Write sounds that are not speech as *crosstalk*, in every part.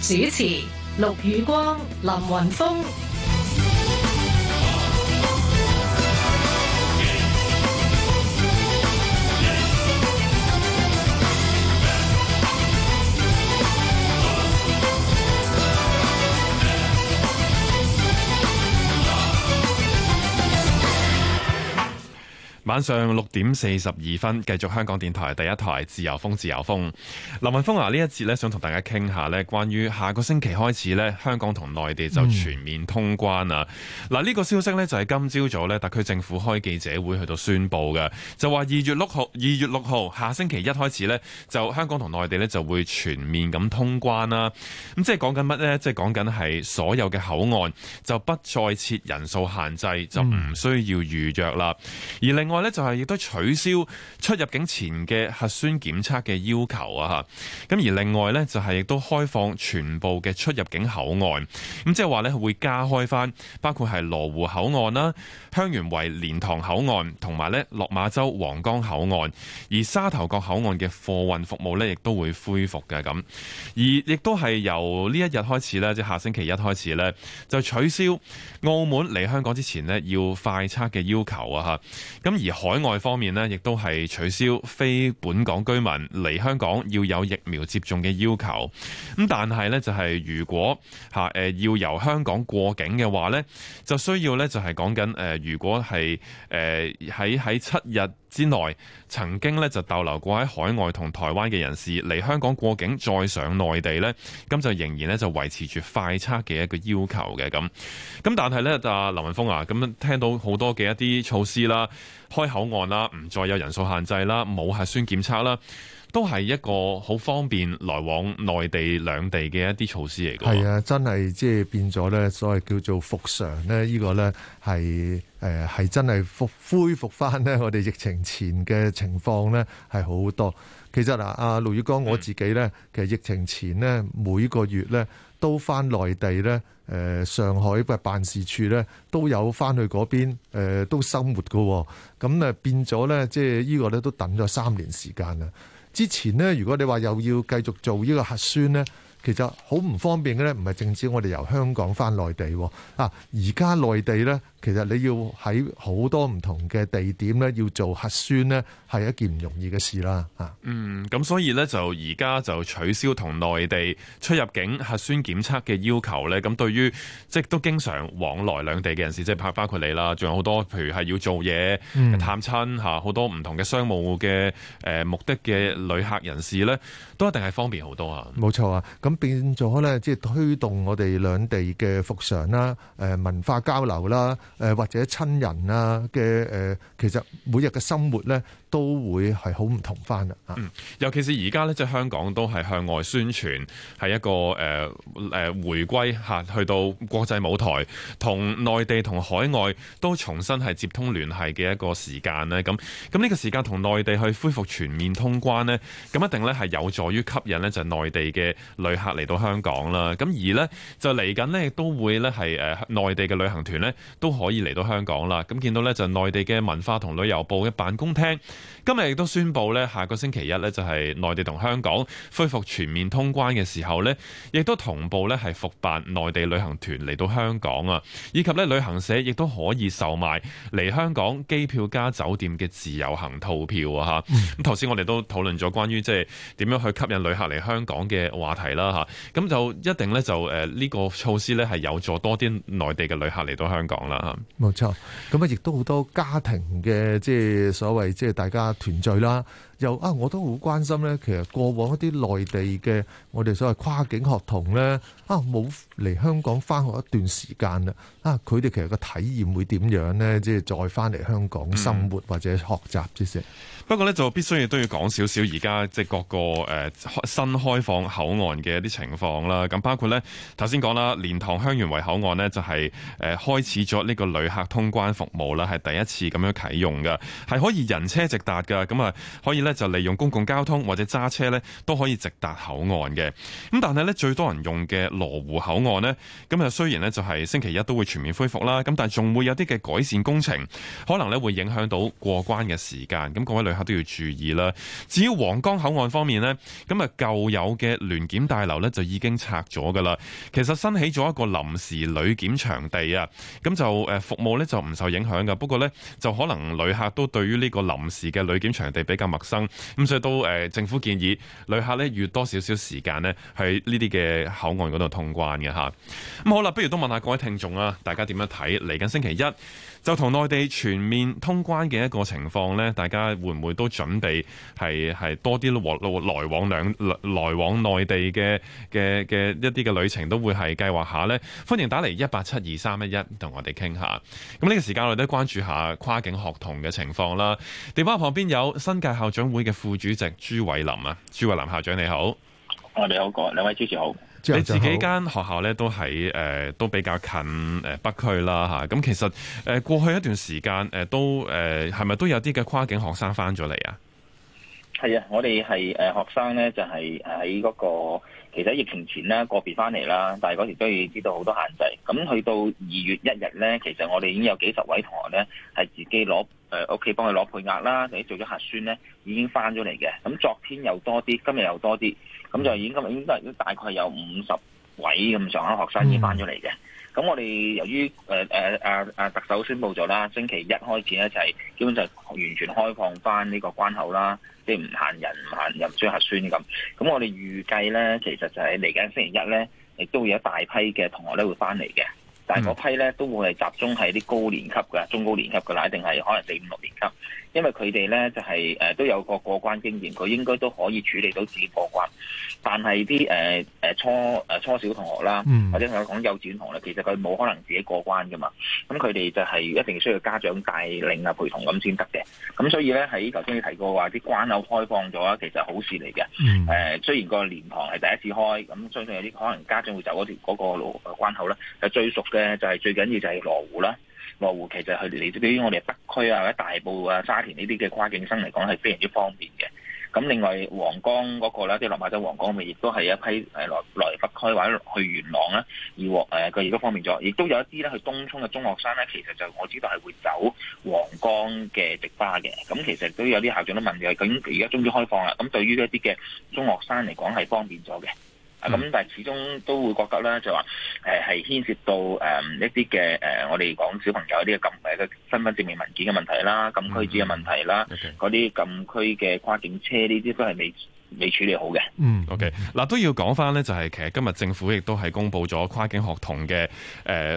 主持：陸宇光、林雲峰。晚上六點四十二分，繼續香港電台第一台自由風，自由風。林文峰啊，呢一節想同大家傾下咧，關於下個星期開始香港同內地就全面通關啊。嗱、嗯，呢、呢個消息咧就係今朝早特區政府開記者會去到宣布嘅，就話二月六號，二月六號下星期一開始就香港同內地就會全面咁通關啦。咁即係講緊乜呢？即係講緊係所有嘅口岸就不再設人數限制，就唔需要預約啦、嗯。而另外咧就係亦都取消出入境前嘅核酸檢測嘅要求啊，嚇咁而另外呢，就係亦都開放全部嘅出入境口岸，咁即係話呢，會加開返，包括係羅湖口岸啦、香園圍、蓮塘口岸，同埋呢落馬洲皇崗口岸，而沙頭角口岸嘅貨運服務呢，亦都會恢復嘅，咁，而亦都係由呢一日開始呢，即係下星期一開始呢，就取消澳門嚟香港之前呢，要快測嘅要求啊，咁而海外方面呢，亦都係取消非本港居民嚟香港要有疫苗接種嘅要求，咁但係呢，就係如果要由香港過境嘅話呢，就需要呢，就係講緊如果係誒喺喺七日之內曾經咧，就逗留過喺海外同台灣嘅人士嚟香港過境再上內地呢，咁就仍然咧，就維持住快測嘅一個要求嘅咁。咁但係呢，阿劉雲峰啊，咁聽到好多嘅一啲措施啦，開口岸啦，唔再有人數限制啦，冇核酸檢測啦。都係一個好方便來往內地兩地嘅一啲措施嚟嘅。係啊，真係即係變咗咧，所謂叫做復常咧，呢個咧係誒係真係復恢復翻咧，我哋疫情前嘅情況咧係好多。其實嗱，阿盧宇光我自己咧，嗯、其實疫情前咧每個月咧都翻內地咧，誒、呃、上海嘅辦事處咧都有翻去嗰邊，誒、呃、都生活嘅。咁啊變咗咧，即係呢個咧都等咗三年時間啦。之前咧，如果你話又要繼續做呢個核酸咧，其實好唔方便嘅咧，唔係淨止我哋由香港返內地喎啊！而家內地咧。其實你要喺好多唔同嘅地點咧，要做核酸呢，係一件唔容易嘅事啦，嚇。嗯，咁所以呢，就而家就取消同內地出入境核酸檢測嘅要求呢，咁對於即都經常往來兩地嘅人士，即係包括你啦，仲有好多譬如係要做嘢探親嚇，好多，嗯，唔同嘅商務嘅誒目的嘅旅客人士呢，都一定係方便好多啊！冇錯啊，咁變咗呢，即係推動我哋兩地嘅復常啦，誒文化交流啦。誒或者親人啊嘅誒，其實每日嘅生活咧都會係好唔同翻啊，嗯！尤其是而家咧，即係香港都係向外宣傳，係一個誒誒，呃、回歸吓去到國際舞台，同內地同海外都重新係接通聯繫嘅一個時間咧。咁咁呢個時間同內地去恢復全面通關咧，咁一定咧係有助於吸引咧就係內地嘅旅客嚟到香港啦。咁而咧就嚟緊咧都會咧係誒內地嘅旅行團咧都可以。可以嚟到香港啦，咁見到呢，就內地嘅文化同旅遊部嘅辦公廳今日亦都宣布呢，下個星期一呢，就係內地同香港恢復全面通關嘅時候呢，亦都同步呢，係復辦內地旅行團嚟到香港啊，以及呢，旅行社亦都可以售賣嚟香港機票加酒店嘅自由行套票啊，吓。咁頭先我哋都討論咗關於即係點樣去吸引旅客嚟香港嘅話題啦，吓，咁就一定呢，就誒呢個措施呢，係有助多啲內地嘅旅客嚟到香港啦，吓。冇錯，咁啊，亦都好多家庭嘅，即係所謂即係大家團聚啦。又啊，我都好關心呢，其實過往一啲內地嘅我哋所謂跨境學童呢，啊冇，嚟香港翻學一段時間啦，啊，佢哋其實個體驗會點樣咧？即係再翻嚟香港生活或者學習啲嘢，嗯。不過咧，就必須要都要講少少而家即係各個誒開、呃、新開放口岸嘅一啲情況啦。咁包括咧頭先講啦，蓮塘香園圍口岸咧就係、是、誒、呃、開始咗呢個旅客通關服務啦，係第一次咁樣啟用嘅，係可以人車直達嘅。咁啊可以咧就利用公共交通或者揸車咧都可以直達口岸嘅。咁但係咧最多人用嘅羅湖口岸。岸呢，咁啊雖然呢，就係星期一都會全面恢復啦，咁但係仲會有啲嘅改善工程，可能呢會影響到過關嘅時間，咁各位旅客都要注意啦。至於皇崗口岸方面呢，咁啊舊有嘅聯檢大樓呢，就已經拆咗噶啦，其實新起咗一個臨時旅檢場地啊，咁就誒服務呢就唔受影響噶，不過呢，就可能旅客都對於呢個臨時嘅旅檢場地比較陌生，咁所以都誒政府建議旅客呢，預多少少時間呢，喺呢啲嘅口岸嗰度通關嘅咁好啦，不如都問下各位聽眾啊，大家點樣睇嚟緊星期一就同內地全面通關嘅一個情況呢，大家會唔會都準備係係多啲來往兩來往內地嘅一啲嘅旅程都會係計劃下呢？歡迎打嚟一八七二三一一同我哋傾下。咁呢個時間我哋都關注下跨境學童嘅情況啦。電話旁邊有新界校長會嘅副主席朱偉林啊，朱偉林校長你好，你好，各位，兩位主持好。你自己間學校咧都喺誒、呃、都比較近誒北區啦嚇，咁、啊、其實誒、呃、過去一段時間誒都誒係咪都有啲嘅跨境學生翻咗嚟啊？係啊，我哋係誒學生咧就係喺嗰個其實疫情前咧個別翻嚟啦，但係嗰時都要知道好多限制。咁去到二月一日咧，其實我哋已經有幾十位同學咧係自己攞誒屋企幫佢攞配額啦，而且做咗核酸咧已經翻咗嚟嘅。咁昨天又多啲，今日又多啲。咁就已經今日已經都大概有五十位咁上下學生已返咗嚟嘅。咁、嗯、我哋由於啊、呃呃、特首宣布咗啦，星期一開始咧就係基本就係完全開放翻呢個關口啦，即、就、唔、是、限人、唔限入唔需要核酸咁。咁我哋預計咧，其實就係嚟緊星期一咧，亦都會有大批嘅同學咧會翻嚟嘅。但係嗰批咧都會係集中喺啲高年級嘅、中高年級嘅啦，定係可能四五、六年級。因為佢哋咧就係、是，誒、呃、都有個過關經驗，佢應該都可以處理到自己過關。但係啲誒誒初誒、呃、初小同學啦，嗯、或者我講幼稚園同學，其實佢冇可能自己過關噶嘛。咁佢哋就係一定需要家長帶領啊，陪同咁先得嘅。咁所以咧喺頭先你提過話啲關口開放咗，其實好事嚟嘅。誒、嗯呃、雖然個蓮塘係第一次開，咁相信有啲可能家長會走嗰條嗰個路關口啦。誒最熟嘅就係、是，最緊要就係羅湖啦。羅湖其實佢哋對於我哋北區啊，或者大埔啊、沙田呢啲嘅跨境生嚟講係非常之方便嘅。咁另外皇崗嗰個啦，即係落馬洲皇崗，咪亦都係一批誒來來北區或者去元朗啦，而獲佢亦都方便咗，亦都有一啲咧去東涌嘅中學生咧，其實就我知道係會走皇崗嘅直巴嘅。咁其實都有啲校長都問嘅，究竟而家終於開放啦，咁對於一啲嘅中學生嚟講係方便咗嘅。啊、嗯！咁、嗯、但係始終都會覺得啦，就話誒係牽涉到誒、呃、一啲嘅誒，我哋講小朋友啲禁嘅身份證明文件嘅問題啦，禁區紙嘅問題啦，嗰啲禁區嘅跨境車呢啲都係未。未處理好嘅，嗯，OK，嗱、啊、都要講翻呢，就係、是、其實今日政府亦都係公布咗跨境學童嘅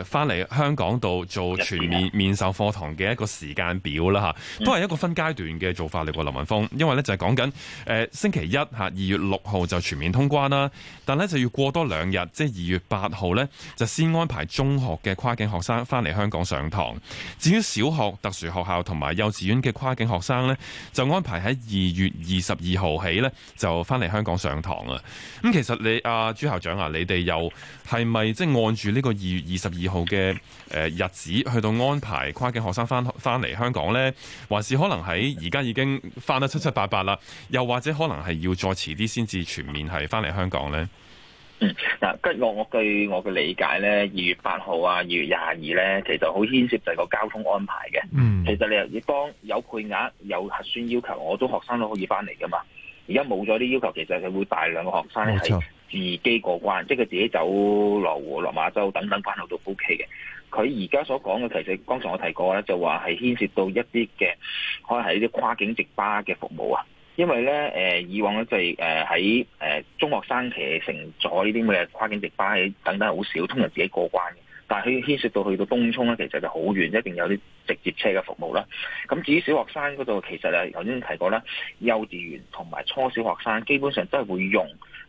返翻嚟香港度做全面、嗯、面授課堂嘅一個時間表啦，吓，都係一個分階段嘅做法嚟嘅，林文峰，因為呢，就係講緊星期一、啊、二月六號就全面通關啦，但呢，就要過多兩、就是、日，即係二月八號呢，就先安排中學嘅跨境學生翻嚟香港上堂，至於小學特殊學校同埋幼稚園嘅跨境學生呢，就安排喺二月二十二號起呢。就翻嚟香港上堂啊！咁其實你阿朱校長啊，你哋又係咪即係按住呢個二月二十二號嘅誒日子去到安排跨境學生翻翻嚟香港呢？還是可能喺而家已經翻得七七八八啦？又或者可能係要再遲啲先至全面係翻嚟香港呢？嗯，嗱，吉我我據我嘅理解呢，二月八號啊，二月廿二呢，其實好牽涉就係個交通安排嘅。嗯，其實你又要當有配額、有核酸要求，我都學生都可以翻嚟噶嘛。而家冇咗啲要求，其實佢會帶兩個學生咧係自己過關，即係佢自己走羅湖、落馬洲等等關口都 O K 嘅。佢而家所講嘅其實剛才我提過咧，就話係牽涉到一啲嘅可能係啲跨境直巴嘅服務啊，因為咧、呃、以往咧就係、是、喺、呃、中學生其實乘坐呢啲咁嘅跨境直巴等等好少，通常自己過關嘅。但係佢牽涉到去到東涌咧，其實就好遠，一定有啲直接車嘅服務啦。咁至於小學生嗰度，其實啊頭先提過啦，幼稚園同埋初小學生基本上都係會用。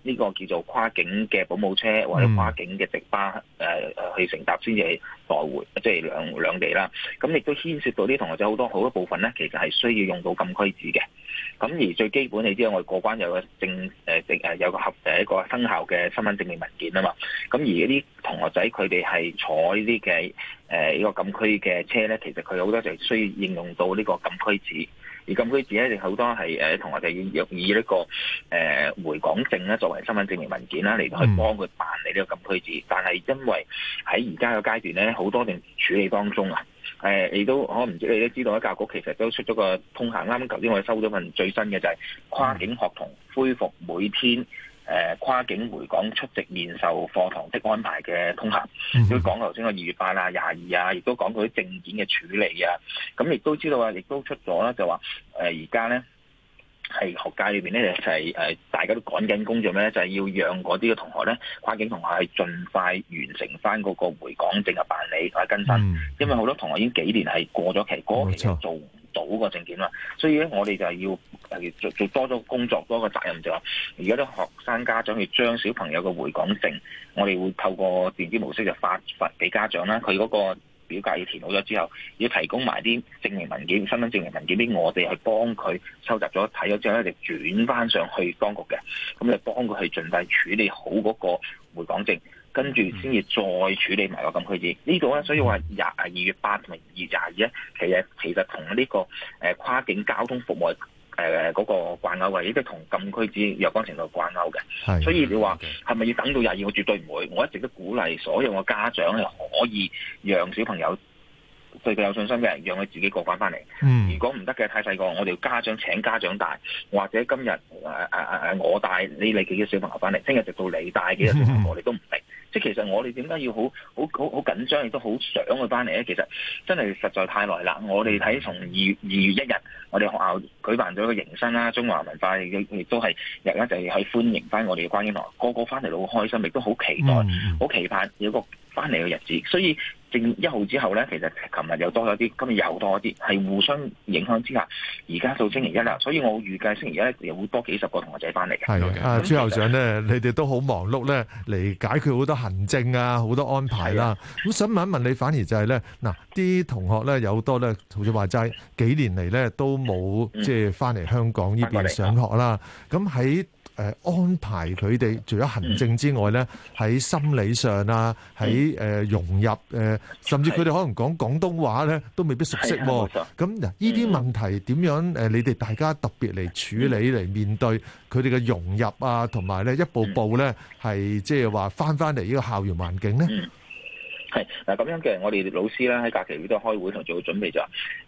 呢、這個叫做跨境嘅保姆車或者跨境嘅直巴誒誒去乘搭先至係來回，即係兩兩地啦。咁亦都牽涉到啲同學仔好多好多部分咧，其實係需要用到禁區紙嘅。咁而最基本，你知道我哋過關有個證誒證有個核定、呃、一個生效嘅身份證明文件啊嘛。咁而嗰啲同學仔佢哋係坐呢啲嘅誒呢個禁區嘅車咧，其實佢好多就係需要應用到呢個禁區紙。而禁區紙咧，亦好多係誒，同學就要用以呢個誒回港證咧作為身份證明文件啦，嚟到去幫佢辦理呢個禁區紙。但係因為喺而家嘅階段咧，好多定處理當中啊。誒，你都我唔知你都知道，喺教育局其實都出咗個通函。啱啱頭先我哋收咗份最新嘅，就係跨境學童恢復每天。誒、呃，跨境回港出席面授課堂的安排嘅通行都講頭先個二月八啊、廿二啊，亦都講到啲證件嘅處理啊。咁亦都知道啊，亦都出咗啦、啊，就話誒，而家咧係學界裏邊咧就係、是、誒、呃，大家都趕緊工作咩咧？就係、是、要讓嗰啲嘅同學咧，跨境同學係盡快完成翻嗰個回港證嘅辦理或者更新，嗯、因為好多同學已經幾年係過咗期，嗰、嗯、期就做唔到個證件啦。所以咧，我哋就係要。做做多咗工作，多個責任就係，而家啲學生家長要將小朋友嘅回港證，我哋會透過電子模式就發發俾家長啦。佢嗰個表格要填好咗之後，要提供埋啲證明文件、身份證明文件俾我哋去幫佢收集咗、睇咗之後咧，就轉翻上去當局嘅，咁就幫佢去盡快處理好嗰個回港證，跟住先至再處理埋、嗰個禁區證。呢個、呢度咧，所以話廿啊二月八同埋二廿二咧，其實其實同呢個誒跨境交通服務。誒、呃，嗰、那個掛鈎位亦都同禁區之有關程度掛鈎嘅，所以你話係咪要等到廿二？我絕對唔會，我一直都鼓勵所有嘅家長係可以讓小朋友對佢有信心嘅，讓佢自己過關翻嚟、嗯。如果唔得嘅太細個，我哋要家長請家長帶，或者今日誒誒誒我帶你你幾個小朋友翻嚟，聽日直到你帶幾個小朋友，我、嗯、哋都唔定。即係其實我哋點解要好好好緊張，亦都好想佢翻嚟咧？其實真係實在太耐啦！我哋睇從二月二月一日，我哋學校舉辦咗個迎新啦，中華文化亦都係日日就係去歡迎翻我哋嘅關英同學，個個翻嚟都好開心，亦都好期待，好、嗯、期盼有個翻嚟嘅日子。所以正一號之後咧，其實琴日又多咗啲，今日又多咗啲，係互相影響之下，而家到星期一啦。所以我預計星期一咧又會多幾十個同學仔翻嚟嘅。係啊、嗯，朱校長咧，你哋都好忙碌咧，嚟解決好多。行政啊，好多安排啦、啊。咁想問一問你，反而就係、是、咧，嗱，啲同學咧有好多咧，好似話齋幾年嚟咧都冇即係翻嚟香港呢邊上學啦。咁喺誒安排佢哋，除咗行政之外咧，喺心理上啊，喺誒融入誒，甚至佢哋可能講廣東話咧，都未必熟悉喎。咁嗱，呢啲問題點樣誒？你哋大家特別嚟處理嚟面對佢哋嘅融入啊，同埋咧一步步咧，係即係話翻翻嚟呢個校園環境咧。係嗱，咁樣嘅我哋老師咧喺假期都喺開會同做好準備就，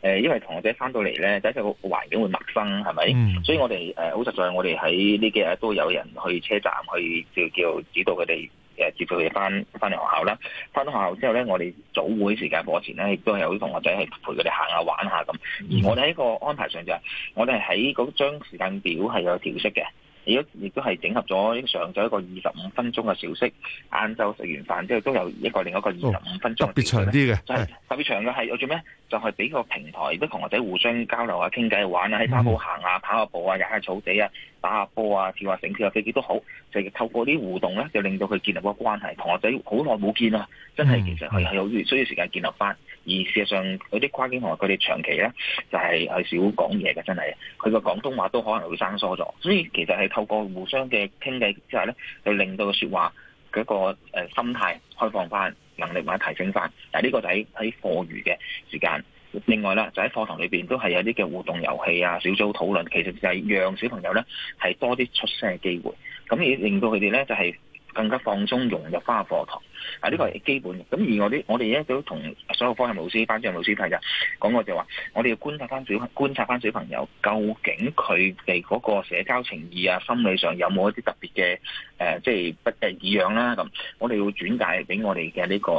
誒，因為同學仔翻到嚟咧，第一個環境會陌生，係咪？Mm -hmm. 所以我哋誒，好實在，我哋喺呢幾日都有人去車站去叫叫指導佢哋誒接佢哋翻翻嚟學校啦。翻到學校之後咧，我哋早會時間課前咧亦都有啲同學仔係陪佢哋行下玩下，啊，咁。而我哋喺個安排上就，係我哋喺嗰張時間表係有調息嘅。亦都係整合咗上咗一個二十五分鐘嘅小息，晏晝食完飯之後都有一個另一個二十五分鐘、哦，特別長啲嘅，就係、是、特別長嘅係我做咩？就係、是、俾個平台啲同學仔互相交流啊、傾偈玩啊、喺沙鋪行啊、跑下步啊、踩下草地啊、打下波啊、跳下、啊、繩跳啊，幾幾多好？就係、是、透過啲互動咧，就令到佢建立個關係。同學仔好耐冇見啊，真係、嗯、其實係係有需要時間建立返。而事實上有啲跨境同學，佢哋長期咧就係、是、係少講嘢嘅，真係佢個廣東話都可能會生疏咗。所以其實係。透過互相嘅傾偈之後咧，就令到嘅説話嘅一個誒心態開放翻，能力或者提升翻。嗱，呢個就係喺課餘嘅時間。另外啦，就喺課堂裏邊都係有啲嘅互動遊戲啊、小組討論，其實就係讓小朋友咧係多啲出聲嘅機會，咁而令到佢哋咧就係、是、更加放鬆融入翻課堂。啊！呢、這個係基本嘅，咁而我哋我哋而家都同所有科任老師、班主任老師睇嘅，講過就話，我哋要觀察翻小觀察翻小朋友，究竟佢哋嗰個社交情意啊、心理上有冇一啲特別嘅、呃、即係不得異樣啦。咁我哋會轉介俾我哋嘅呢個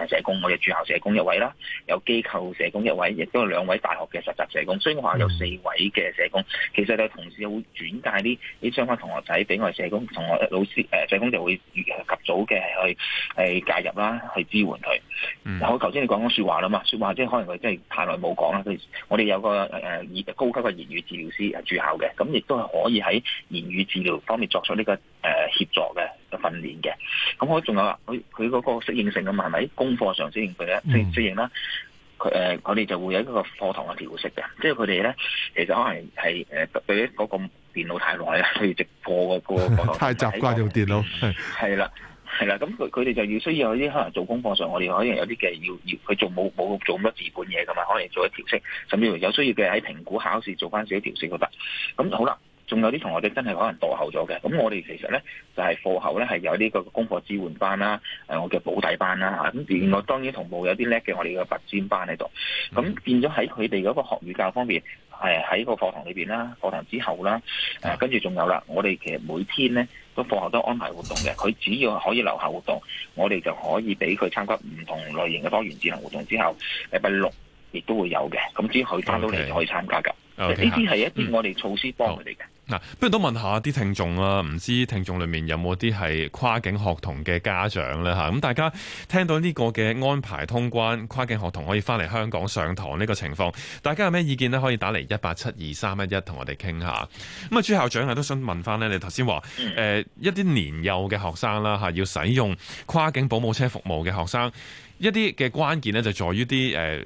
誒社工，我哋住校社工一位啦，有機構社工一位，亦都有兩位大學嘅實習社工，所以我話有四位嘅社工，其實就同時又會轉介啲啲相關同學仔俾我哋社工同學老師誒、呃、社工，就會及早嘅去。係介入啦，去支援佢、嗯。我頭先你講講說話啦嘛，說話即係可能佢真係太耐冇講啦。佢我哋有個誒、呃、高級嘅言語治療師駐校嘅，咁亦都係可以喺言語治療方面作出呢、這個誒協助嘅訓練嘅。咁我仲有佢佢嗰個適應性咁嘛，咪功課上適應佢咧，適、嗯、適應啦。佢誒，我、呃、哋就會有一個課堂嘅調適嘅，即係佢哋咧，其實可能係誒，對於嗰個電腦太耐啦，佢直過個課堂 *laughs* 太習慣用電腦係啦。 *laughs* 是的 *laughs* 係啦，咁佢佢哋就要需要有啲可能做功課上，我哋可能有啲嘅要要佢做冇冇做乜字本嘢噶嘛，可能做一條式，甚至乎有需要嘅喺評估考試做翻少一條式都得，咁好啦。仲有啲同學仔真係可能墮後咗嘅，咁我哋其實咧就係課後咧係有呢個功課支援班啦，我嘅補底班啦，咁原來當然同步有啲叻嘅我哋嘅拔尖班喺度，咁變咗喺佢哋嗰個學語教方面，誒喺個課堂裏面啦，課堂之後啦，啊、跟住仲有啦，我哋其實每天咧都課後都安排活動嘅，佢只要可以留下活動，我哋就可以俾佢參加唔同類型嘅多元智能活動之後，誒禮拜六亦都會有嘅，咁至於佢返到嚟就可以參加嘅。呢啲係一啲我哋措施幫佢哋嘅。不如都問下啲聽眾啦，唔知聽眾裏面有冇啲係跨境學童嘅家長啦吓，咁大家聽到呢個嘅安排通關，跨境學童可以翻嚟香港上堂呢個情況，大家有咩意見呢？可以打嚟一八七二三一一同我哋傾下。咁啊，朱校長啊都想問翻呢你頭先話誒一啲年幼嘅學生啦吓，要使用跨境保姆車服務嘅學生。一啲嘅關鍵咧就在於啲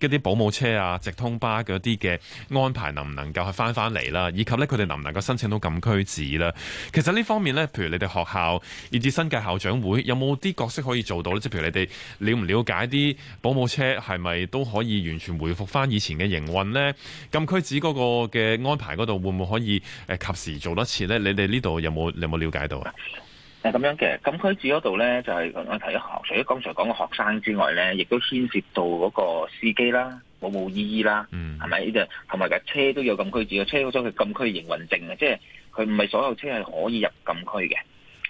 一啲保姆車啊、直通巴嗰啲嘅安排能唔能夠返翻翻嚟啦，以及咧佢哋能唔能夠申請到禁區紙啦？其實呢方面咧，譬如你哋學校，以至新界校長會，有冇啲角色可以做到咧？即係譬如你哋了唔了解啲保姆車係咪都可以完全回復翻以前嘅營運呢？禁區紙嗰個嘅安排嗰度會唔會可以及時做得切咧？你哋呢度有冇有冇了解到啊？係咁樣嘅，禁區紙嗰度咧就係我睇一行，除咗剛才講嘅學生之外咧，亦都牽涉到嗰個司機啦，冇冇意義啦，係、嗯、咪？就同埋架車都有禁區紙嘅，車嗰咗佢禁區營運證嘅，即係佢唔係所有車係可以入禁區嘅。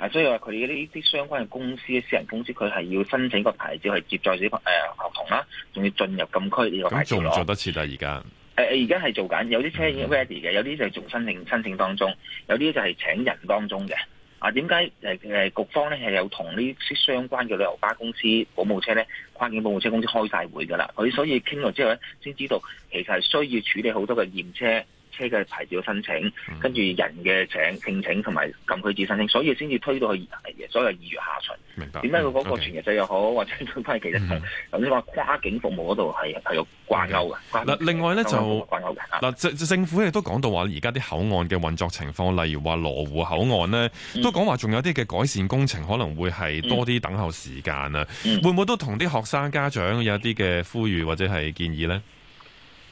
啊，所以話佢哋呢啲相關嘅公司、私人公司，佢係要申請個牌照去接載呢啲誒學童啦，仲要進入禁區呢個牌。咁仲做多次啦，而家誒，而家係做緊，有啲車已經 ready 嘅，有啲就仲申請申請當中，有啲就係請人當中嘅。啊，點解誒誒局方咧係有同呢啲相關嘅旅遊巴公司、保姆車咧、跨境保姆車公司開曬會㗎啦？佢所以傾落之後咧，先知道其實係需要處理好多嘅驗車。車嘅牌照申請，跟住人嘅請聘請，同埋禁區紙申請，所以先至推到去所以二月下旬。明白。點解佢嗰個全日制又好，okay. 或者都係其實同咁你話跨境服務嗰度係係有掛鈎嘅。嗱、okay.，另外咧就掛鈎嘅。嗱，政政府亦都講到話，而家啲口岸嘅運作情況，例如話羅湖口岸咧、嗯，都講話仲有啲嘅改善工程，可能會係多啲等候時間啊、嗯。會唔會都同啲學生家長有一啲嘅呼籲或者係建議咧？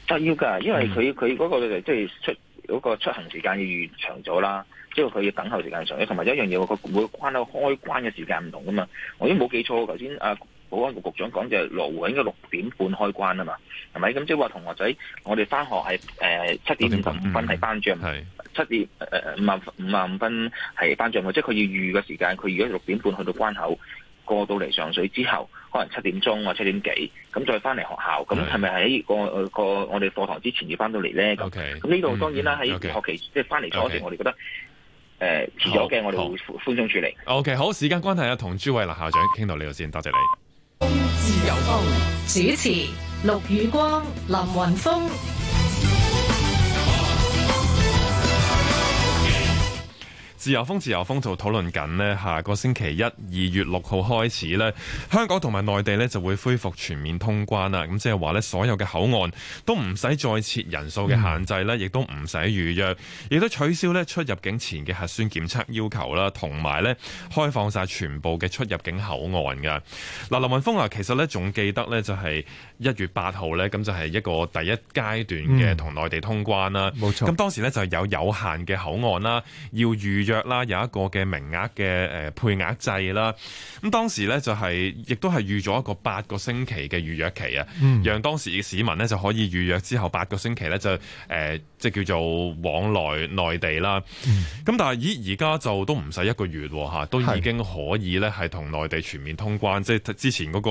都要㗎，因為佢佢嗰個即係出嗰個出行時間要長咗啦，即係佢要等候時間長，同埋一樣嘢佢每個關口開關嘅時間唔同噶嘛。我已經冇記錯，頭先啊保安局局長講就係羅湖應該六點半開關啊嘛，係咪？咁即係話同學仔，我哋翻學係七點五十五分係翻轉，七點五萬五五分係翻轉喎，即係佢要預嘅時間，佢如果六點半去到關口。過到嚟上水之後，可能七點鐘或七點幾，咁再翻嚟學校，咁係咪喺個個我哋課堂之前要翻到嚟咧？咁呢度當然啦，喺、嗯、學期 okay, 即係翻嚟嗰時候，okay, 我哋覺得誒遲咗嘅，呃、我哋會寬鬆處理。O K，好，好，okay, 好時間關係啊，同朱偉林校長傾到呢度先，多謝、謝你。自由風主持陸宇光、林雲峰。自由風自由風就討論緊呢，下個星期一二月六號開始呢，香港同埋內地呢就會恢復全面通關啦。咁即係話呢，所有嘅口岸都唔使再設人數嘅限制啦，亦都唔使預約，亦都取消呢出入境前嘅核酸檢測要求啦，同埋呢開放晒全部嘅出入境口岸嘅。嗱，林文峰啊，其實呢仲記得呢就係一月八號呢，咁就係、是、一個第一階段嘅同內地通關啦。冇錯。咁當時呢就有有限嘅口岸啦，要預。約啦，有一個嘅名額嘅誒配額制啦。咁當時呢、就是，就係亦都係預咗一個八個星期嘅預約期啊、嗯，讓當時嘅市民呢，就可以預約之後八個星期呢、呃，就誒即係叫做往來內地啦。咁、嗯、但係咦而家就都唔使一個月吓，都已經可以呢，係同內地全面通關，即係之前嗰個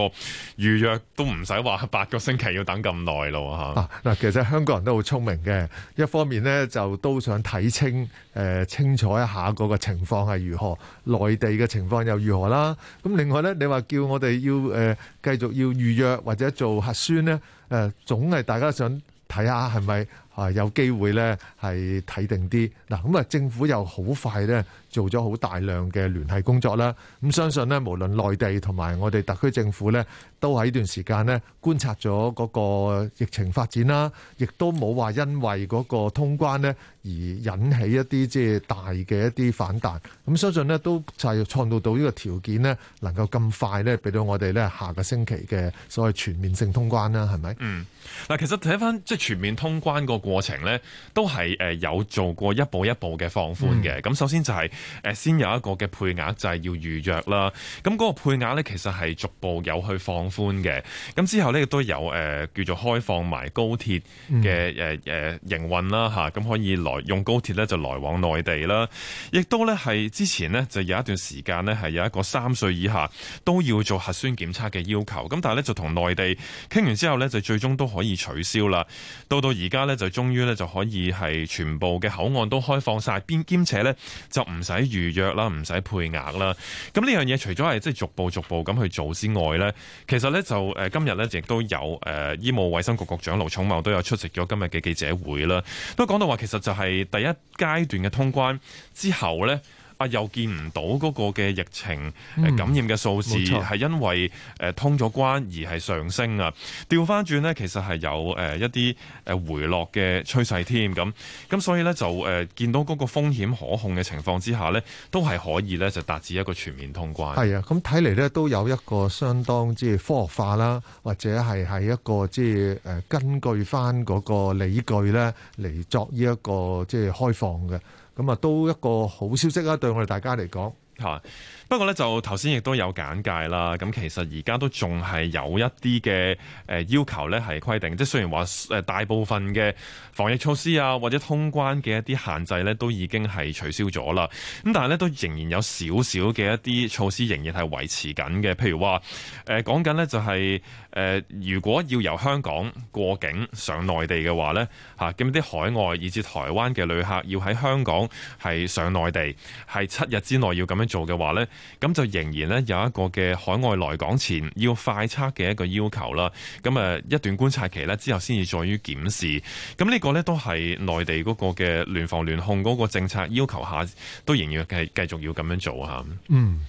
預約都唔使話八個星期要等咁耐咯吓。嗱，其實香港人都好聰明嘅，一方面呢，就都想睇清誒、呃、清楚一下。嗰個情況係如何？內地嘅情況又如何啦？咁另外咧，你話叫我哋要誒、呃、繼續要預約或者做核酸咧？誒、呃、總係大家想睇下係咪啊有機會咧係睇定啲嗱咁啊？政府又好快咧。做咗好大量嘅聯繫工作啦，咁相信咧，無論內地同埋我哋特區政府咧，都喺呢段時間咧觀察咗嗰個疫情發展啦，亦都冇話因為嗰個通關咧而引起一啲即係大嘅一啲反彈，咁相信咧，都就係創造到呢個條件咧，能夠咁快咧，俾到我哋咧下個星期嘅所謂全面性通關啦，係咪？嗯。嗱，其實睇翻即係全面通關個過程咧，都係誒有做過一步一步嘅放寬嘅。咁、嗯、首先就係、是。誒先有一個嘅配額就係要預約啦，咁、那、嗰個配額呢，其實係逐步有去放寬嘅，咁之後呢，亦都有誒叫做開放埋高鐵嘅誒誒營運啦嚇，咁、嗯、可以來用高鐵呢，就來往內地啦，亦都呢，係之前呢，就有一段時間呢，係有一個三歲以下都要做核酸檢測嘅要求，咁但係呢，就同內地傾完之後呢，就最終都可以取消啦，到到而家呢，就終於呢，就可以係全部嘅口岸都開放晒。邊兼且呢，就唔。唔使預約啦，唔使配額啦。咁呢樣嘢除咗係即係逐步逐步咁去做之外咧，其實咧，就誒今日咧，亦都有誒醫務衛生局局長盧寵茂都有出席咗今日嘅記者會啦。都講到話其實就係第一階段嘅通關之後咧。啊！又見唔到嗰個嘅疫情感染嘅數字係、嗯、因為通咗關而係上升啊！調翻轉呢，其實係有一啲回落嘅趨勢添咁，咁所以呢，就誒見到嗰個風險可控嘅情況之下呢，都係可以呢，就達至一個全面通關。係啊，咁睇嚟呢，都有一個相當之科學化啦，或者係喺一個即係根據翻嗰個理據呢，嚟作呢一個即係開放嘅。咁啊，都一個好消息啦，對我哋大家嚟講吓。不過咧，就頭先亦都有簡介啦。咁其實而家都仲係有一啲嘅誒要求呢，係規定。即係雖然話誒大部分嘅防疫措施啊，或者通關嘅一啲限制呢，都已經係取消咗啦。咁但係呢，都仍然有少少嘅一啲措施，仍然係維持緊嘅。譬如話誒講緊呢，就係誒如果要由香港過境上內地嘅話呢，嚇咁啲海外以至台灣嘅旅客要喺香港係上內地，係七日之內要咁樣做嘅話呢。咁就仍然咧有一個嘅海外來港前要快測嘅一個要求啦，咁啊一段觀察期咧之後先至再于檢視，咁呢個咧都係內地嗰個嘅聯防聯控嗰個政策要求下，都仍然繼繼續要咁樣做吓。嗯。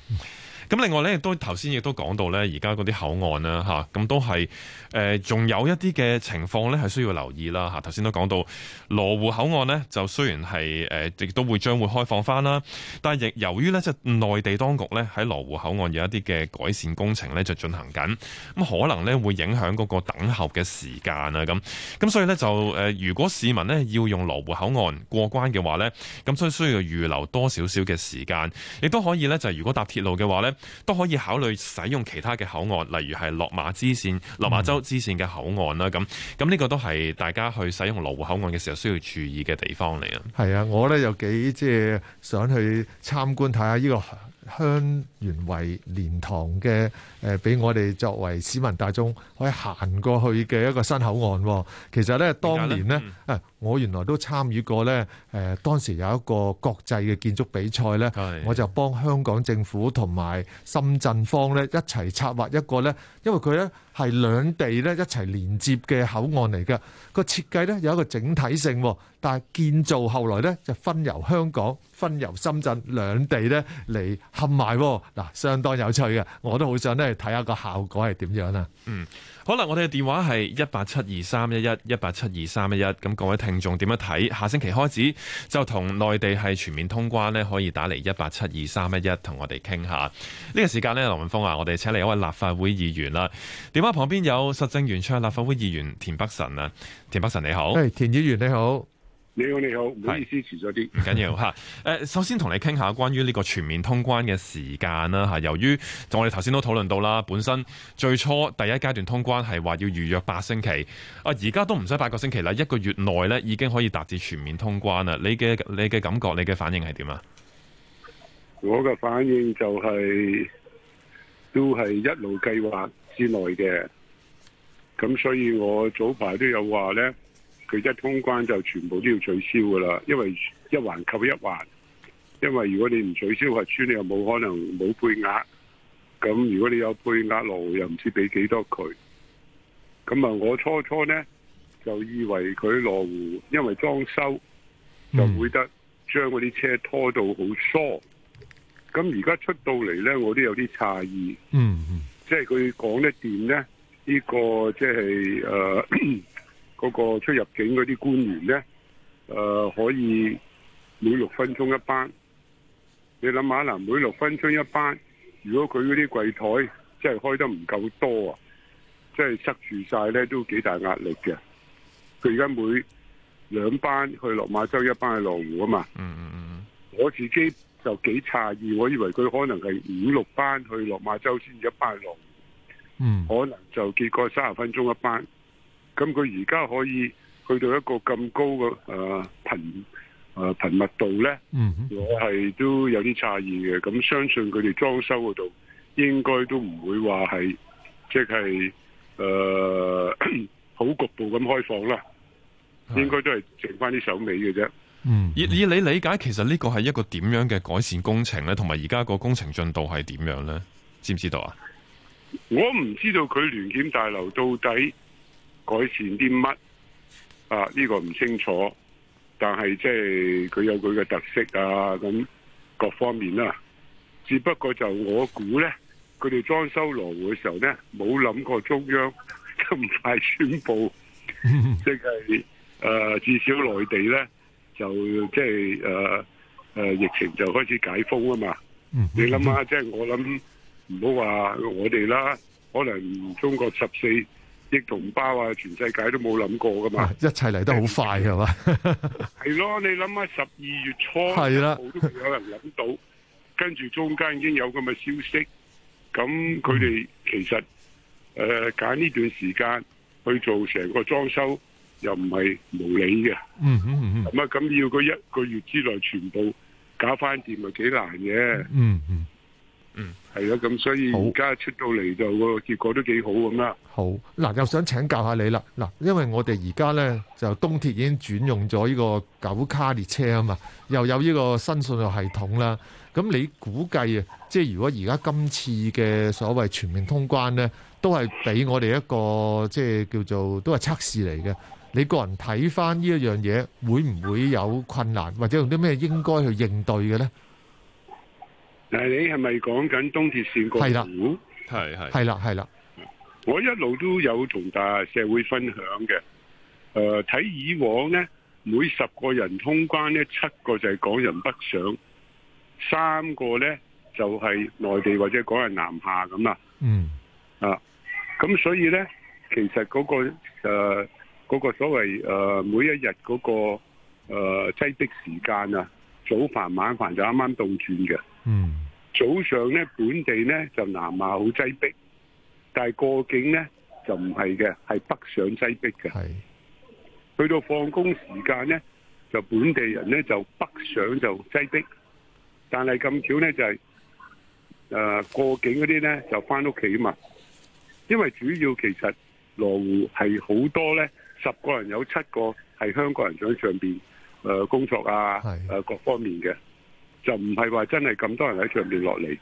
咁另外咧，亦都頭先亦都講到咧，而家嗰啲口岸啦吓，咁都係誒，仲有一啲嘅情況咧，係需要留意啦吓，頭先都講到羅湖口岸呢，就雖然係誒，亦都會將會開放翻啦，但係亦由於呢，即係內地當局呢，喺羅湖口岸有一啲嘅改善工程呢，就進行緊，咁可能呢，會影響嗰個等候嘅時間啦咁。咁所以呢，就誒，如果市民呢，要用羅湖口岸過關嘅話呢，咁所以需要預留多少少嘅時間，亦都可以呢，就係如果搭鐵路嘅話呢。都可以考慮使用其他嘅口岸，例如係落馬支線、落馬洲支線嘅口岸啦。咁咁呢個都係大家去使用羅湖口岸嘅時候需要注意嘅地方嚟嘅。係啊，我呢，又幾即係想去參觀睇下呢個香園圍蓮塘嘅誒，俾、呃、我哋作為市民大眾可以行過去嘅一個新口岸。其實呢，當年呢，嗯我原來都參與過呢。誒、呃、當時有一個國際嘅建築比賽呢，我就幫香港政府同埋深圳方呢一齊策劃一個呢，因為佢呢係兩地呢一齊連接嘅口岸嚟嘅，個設計呢有一個整體性，但係建造後來呢就分由香港、分由深圳兩地呢嚟合埋，嗱相當有趣嘅，我都好想呢睇下個效果係點樣啊！嗯。好啦，我哋嘅電話係一八七二三一一一八七二三一一，咁各位聽眾點樣睇？下星期開始就同內地係全面通關呢，可以打嚟一八七二三一一，同我哋傾下。呢、這個時間呢，林文峰啊，我哋請嚟一位立法會議員啦。電話旁邊有實政圓桌立法會議員田北辰啊，田北辰你好。誒，田議員你好。你好，你好，唔好意思，遲咗啲，唔緊要哈。誒，首先同你傾下關於呢個全面通關嘅時間啦，吓，由於我哋頭先都討論到啦，本身最初第一階段通關係話要預約八星期，啊，而家都唔使八個星期啦，一個月內咧已經可以達至全面通關啦。你嘅你嘅感覺，你嘅反應係點啊？我嘅反應就係、是、都係一路計劃之內嘅，咁所以我早排都有話咧。佢一通關就全部都要取消噶啦，因為一環扣一環，因為如果你唔取消核酸，你又冇可能冇配額，咁如果你有配額，羅湖又唔知俾幾多佢。咁啊，我初初呢就以為佢羅湖，因為裝修就會得將嗰啲車拖到好疏。咁而家出到嚟呢，我都有啲詫異，即係佢講得掂呢，呢、這個即係誒。呃嗰、那個出入境嗰啲官員呢，誒、呃、可以每六分鐘一班。你諗下啦，每六分鐘一班，如果佢嗰啲櫃檯即係開得唔夠多啊，即係塞住曬呢，都幾大壓力嘅。佢而家每兩班去落馬洲，一班去羅湖啊嘛。嗯、mm、嗯 -hmm. 我自己就幾詫異，我以為佢可能係五六班去落馬洲先一班羅湖。嗯、mm -hmm.。可能就結果三十分鐘一班。咁佢而家可以去到一個咁高嘅，誒頻誒頻密度咧，我、嗯、係都有啲詫異嘅。咁相信佢哋裝修嗰度應該都唔會話係即係誒好局部咁開放啦，應該都係剩翻啲手尾嘅啫。嗯，以以你理解，其實呢個係一個點樣嘅改善工程咧，同埋而家個工程進度係點樣咧？知唔知道啊？我唔知道佢聯檢大樓到底。改善啲乜啊？呢個唔清楚，但係即係佢有佢嘅特色啊，咁各方面啦。只不過就我估呢，佢哋裝修羅湖嘅時候呢，冇諗過中央咁快宣布，即係誒，至少內地呢，就即係誒誒，疫情就開始解封啊嘛。 *laughs* 你諗下，即係我諗唔好話我哋啦，可能中國十四。疫同胞啊，全世界都冇諗過噶嘛，啊、一切嚟得好快係嘛，係咯，你諗下十二月初，冇 *laughs* 都冇人諗到，跟住中間已經有咁嘅消息，咁佢哋其實誒揀呢段時間去做成個裝修，又唔係無理嘅，嗯哼嗯嗯，咁啊咁要佢一個月之內全部搞翻掂，咪幾難嘅，嗯嗯。嗯，係啊，咁所以而家出到嚟就個結果都幾好咁啦。好，嗱又想請教下你啦，嗱，因為我哋而家呢，就東鐵已經轉用咗呢個九卡列車啊嘛，又有呢個新信號系統啦。咁你估計啊，即係如果而家今次嘅所謂全面通關呢，都係俾我哋一個即係叫做都係測試嚟嘅。你個人睇返呢一樣嘢，會唔會有困難，或者用啲咩應該去應對嘅呢？嗱，你係咪講緊東鐵線個股？係係係啦係啦，我一路都有同大社會分享嘅。誒、呃，睇以往咧，每十個人通關咧，七個就係港人北上，三個咧就係、是、內地或者港人南下咁、嗯、啊。嗯啊，咁所以咧，其實嗰、那個誒，呃那個所謂誒、呃，每一日嗰、那個誒擠逼時間啊，早飯晚飯就啱啱倒轉嘅。嗯，早上咧本地咧就南下好擠逼，但係過境咧就唔係嘅，係北上擠逼嘅。係，去到放工時間咧就本地人咧就北上就擠逼，但係咁巧咧就係、是、誒、呃、過境嗰啲咧就翻屋企啊嘛，因為主要其實羅湖係好多咧十個人有七個係香港人想上邊誒、呃、工作啊誒、呃、各方面嘅。就唔係話真係咁多人喺上面落嚟，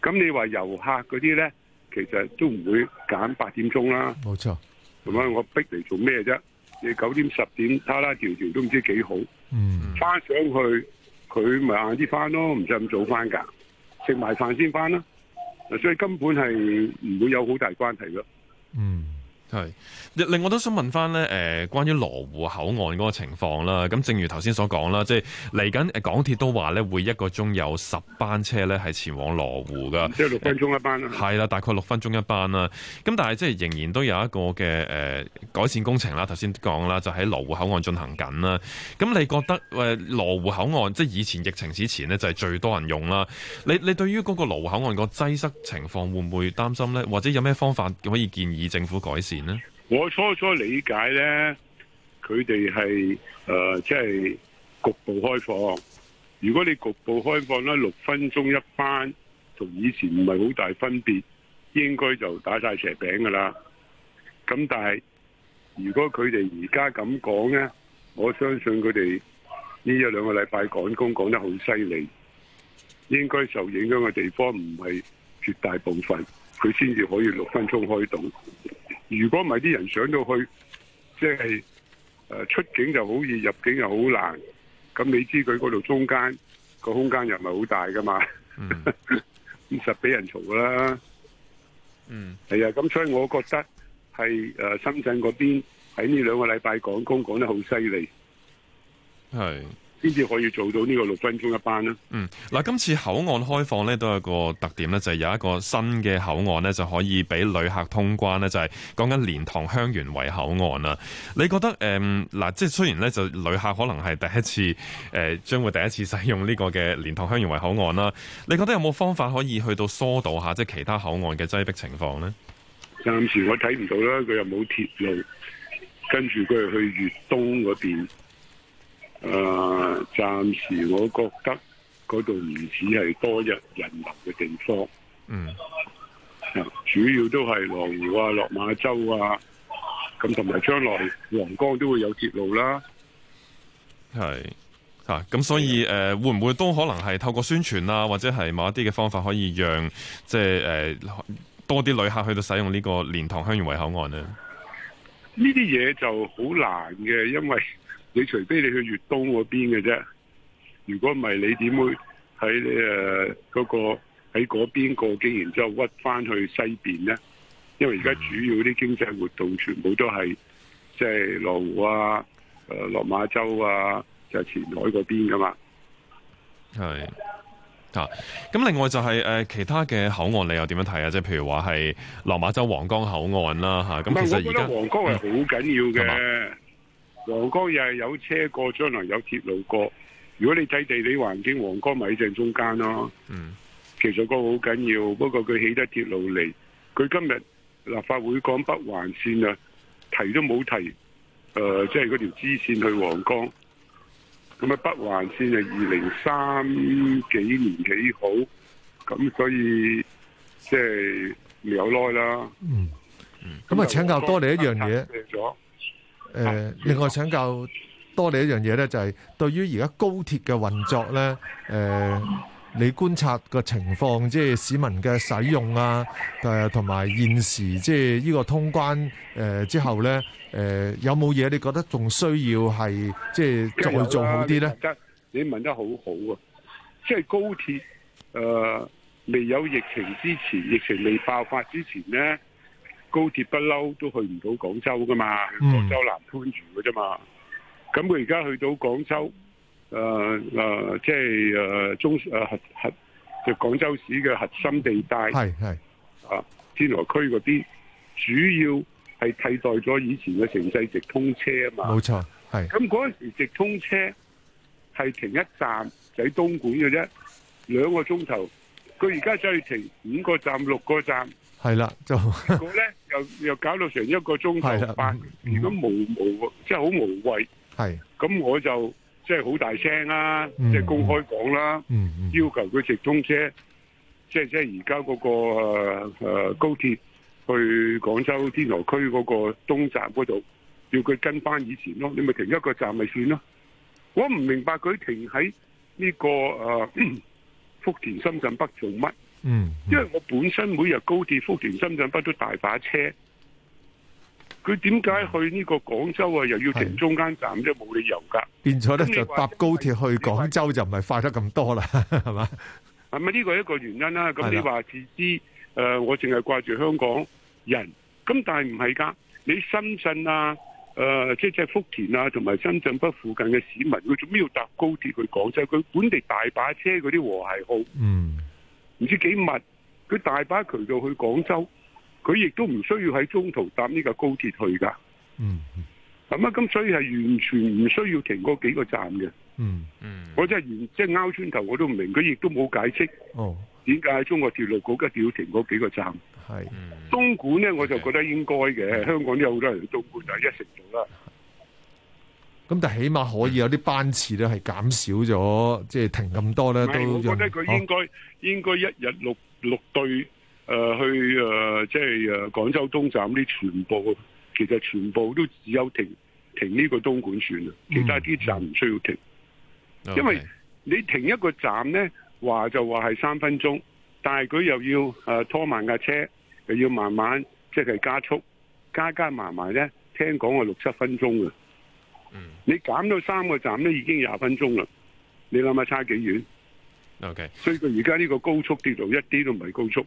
咁你話遊客嗰啲呢，其實都唔會揀八點鐘啦。冇錯，咁樣我逼嚟做咩啫？你九點十點，拉拉條條都唔知幾好。嗯，翻上去佢咪晏啲翻咯，唔使咁早翻噶，食埋飯先翻啦。所以根本係唔會有好大關係咯。嗯。係，另外我都想問翻咧，誒，關於羅湖口岸嗰個情況啦。咁正如頭先所講啦，即係嚟緊，誒，港鐵都話咧會一個鐘有十班車咧係前往羅湖㗎。即係六分鐘一班啦。係啦，大概六分鐘一班啦。咁但係即係仍然都有一個嘅誒改善工程啦。頭先講啦，就喺羅湖口岸進行緊啦。咁你覺得誒羅湖口岸即係以前疫情之前呢，就係最多人用啦。你你對於嗰個羅湖口岸個擠塞情況會唔會擔心呢？或者有咩方法可以建議政府改善？ *noise* 我初初理解呢，佢哋係誒，即、呃、係、就是、局部開放。如果你局部開放呢，六分鐘一班，同以前唔係好大分別，應該就打晒蛇餅噶啦。咁但係，如果佢哋而家咁講呢，我相信佢哋呢一兩個禮拜趕工趕得好犀利，應該受影響嘅地方唔係絕大部分，佢先至可以六分鐘開動。如果唔係啲人上到去，即係誒、呃、出境就好易，入境又好難，咁你知佢嗰度中間個空間又唔係好大噶嘛？咁實俾人嘈噶啦。嗯，係啊，咁、嗯、所以我覺得係誒、呃、深圳嗰邊喺呢兩個禮拜趕工趕得好犀利。係。先至可以做到呢個六分鐘一班咧、啊。嗯，嗱，今次口岸開放咧都有一個特點咧，就係、是、有一個新嘅口岸咧，就可以俾旅客通關咧，就係講緊蓮塘香園圍口岸啊。你覺得誒嗱、嗯，即係雖然咧就旅客可能係第一次誒，將、呃、會第一次使用呢個嘅蓮塘香園圍口岸啦。你覺得有冇方法可以去到疏導下即係其他口岸嘅擠逼情況呢？暫時我睇唔到啦，佢又冇鐵路，跟住佢係去粵東嗰邊。誒、啊，暫時我覺得嗰度唔止係多日人流嘅地方，嗯，主要都係羅湖啊、落馬洲啊，咁同埋將來黃江都會有鐵路啦，係，咁、啊、所以誒、呃，會唔會都可能係透過宣傳啊，或者係某一啲嘅方法，可以讓即係誒、呃、多啲旅客去到使用呢個蓮塘香園圍口岸呢？呢啲嘢就好難嘅，因為你除非你去粵東嗰邊嘅啫，如果唔係你點會喺誒嗰個喺嗰邊過境，然之後屈翻去西邊咧？因為而家主要啲經濟活動全部都係即係羅湖啊、誒、呃、落馬洲啊、就是、前海嗰邊噶嘛。係啊，咁另外就係、是、誒、呃、其他嘅口岸你又點樣睇啊？即係譬如話係落馬洲皇崗口岸啦，吓咁其實而家皇崗係好緊要嘅。黃岡又係有車過，將來有鐵路過。如果你睇地理環境，皇崗咪喺正中間咯。嗯，其實個好緊要，不過佢起得鐵路嚟，佢今日立法會講北環綫啊，提都冇提。誒、呃，即係嗰條支綫去皇崗。咁啊，北環綫啊，二零三幾年幾好，咁所以即係、就是、未有耐啦。嗯、咁、嗯、啊、嗯、請教多你一樣嘢。誒，另外請教多你一樣嘢咧，就係對於而家高鐵嘅運作咧，誒，你觀察個情況，即係市民嘅使用啊，誒，同埋現時即係呢個通關誒之後咧，誒，有冇嘢你覺得仲需要係即係再做好啲咧、啊？你問得好好啊！即係高鐵誒、呃，未有疫情之前，疫情未爆發之前咧。高鐵不嬲都去唔到廣州㗎嘛，廣州南番禺㗎啫嘛。咁佢而家去到廣州，誒、呃、誒、呃，即係誒、呃、中誒核核廣州市嘅核心地帶，係係啊天河區嗰啲主要係替代咗以前嘅城際直通車啊嘛。冇錯，係。咁嗰陣時直通車係停一站就喺、是、東莞嘅啫，兩個鐘頭。佢而家就係停五個站六個站。係啦，就我咧， *laughs* 又又搞到成一個鐘頭半。如果無、嗯、無即係好無謂，係咁我就即係好大聲啦、啊，即、嗯、係、就是、公開講啦、啊嗯，要求佢直通車，即係即係而家嗰個誒誒、呃、高鐵去廣州天河區嗰個東站嗰度，叫佢跟翻以前咯。你咪停一個站咪算咯。我唔明白佢停喺呢、這個誒、呃、福田深圳北做乜。嗯，嗯，因為我本身每日高鐵福田深圳北都大把車，佢點解去呢個廣州啊，又要停中間站啫？冇理由噶，變咗咧就搭高鐵去廣州就唔係快得咁多啦，係嘛？係咪呢個一個原因啦？咁你話自私誒、呃，我淨係掛住香港人，咁但係唔係噶，你深圳啊誒、呃，即係即係福田啊，同埋深圳北附近嘅市民，佢做咩要搭高鐵去廣州？佢本地大把車，嗰啲和諧號，嗯。唔知幾密，佢大把渠道去廣州，佢亦都唔需要喺中途搭呢架高鐵去噶。嗯，咁、嗯、啊，咁所以係完全唔需要停嗰幾個站嘅。嗯嗯，我真係完，即係拗穿頭我都唔明，佢亦都冇解釋。哦，點解喺中國鐵路局一定要停嗰幾個站？嗯、東莞咧我就覺得應該嘅，香港都有好多人去東莞啊，就是、一成做啦。咁但起碼可以有啲班次咧係減少咗、嗯，即係停咁多咧都。我覺得佢應該、啊、應該一日六六對誒、呃、去誒，即係誒廣州東站啲全部，其實全部都只有停停呢個東莞船。啊、嗯，其他啲站唔需要停。Okay. 因為你停一個站咧，話就話係三分鐘，但係佢又要誒拖慢架車，又要慢慢即係、就是、加速，加加埋埋咧，聽講係六七分鐘啊。 *noise* 你減到三個站都已經廿分鐘啦，你諗下差幾遠？O.K. 所以佢而家呢個高速跌到一啲都唔係高速。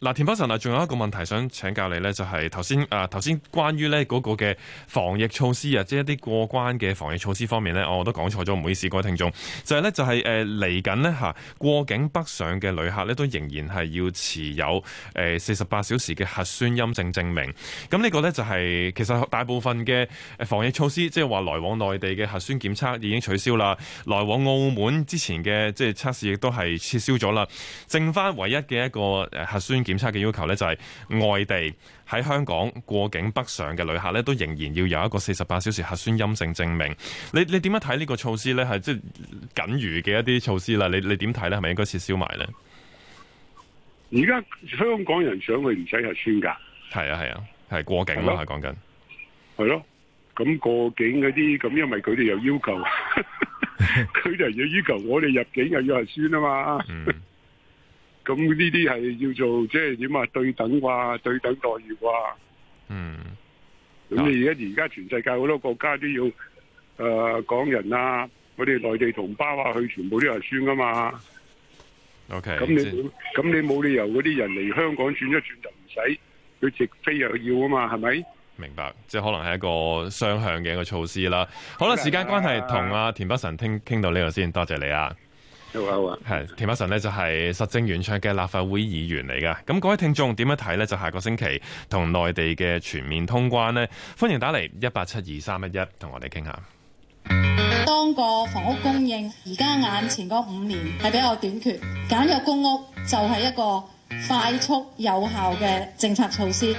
嗱， *laughs* 田北辰啊，仲有一個問題想請教你咧，就係頭先啊，頭先關於咧嗰個嘅防疫措施啊，即係一啲過關嘅防疫措施方面咧，我都講錯咗，唔好意思，各位聽眾，就係咧，就係誒嚟緊咧吓過境北上嘅旅客咧，都仍然係要持有誒四十八小時嘅核酸陰性證明。咁呢個咧就係其實大部分嘅防疫措施，即係話來往內地嘅核酸檢測已經取消啦，來往澳門之前嘅即係亦都係撤銷咗啦，剩翻唯一嘅一個誒核酸檢測嘅要求呢，就係外地喺香港過境北上嘅旅客呢，都仍然要有一個四十八小時核酸陰性證明你。你你點樣睇呢個措施呢？係即係僅餘嘅一啲措施啦。你你點睇呢？係咪應該撤銷埋呢？而家香港人想去唔使核酸㗎？係啊係啊，係過境咯，係講緊。係咯，咁過境嗰啲咁，因為佢哋有要求。 *laughs* 佢哋要要求我哋入境又要核酸啊嘛，咁呢啲係要做即係點啊？對等啩，對等待遇啩，嗯、mm.。咁你而家而家全世界好多國家都要誒、呃、港人啊，我哋內地同胞啊佢全部都要核酸㗎嘛。O K，咁你咁你冇理由嗰啲人嚟香港轉一轉就唔使佢直飛又要啊嘛，係咪？明白，即係可能係一個雙向嘅一個措施啦。好啦，時間關係，同阿田北辰傾傾到呢度先，多謝你啊！你好啊，係田北辰呢，就係、是、實政圓桌嘅立法會議員嚟噶。咁各位聽眾點樣睇呢？就下個星期同內地嘅全面通關呢，歡迎打嚟一八七二三一一，同我哋傾下。當個房屋供應而家眼前嗰五年係比較短缺，簡約公屋就係一個快速有效嘅政策措施。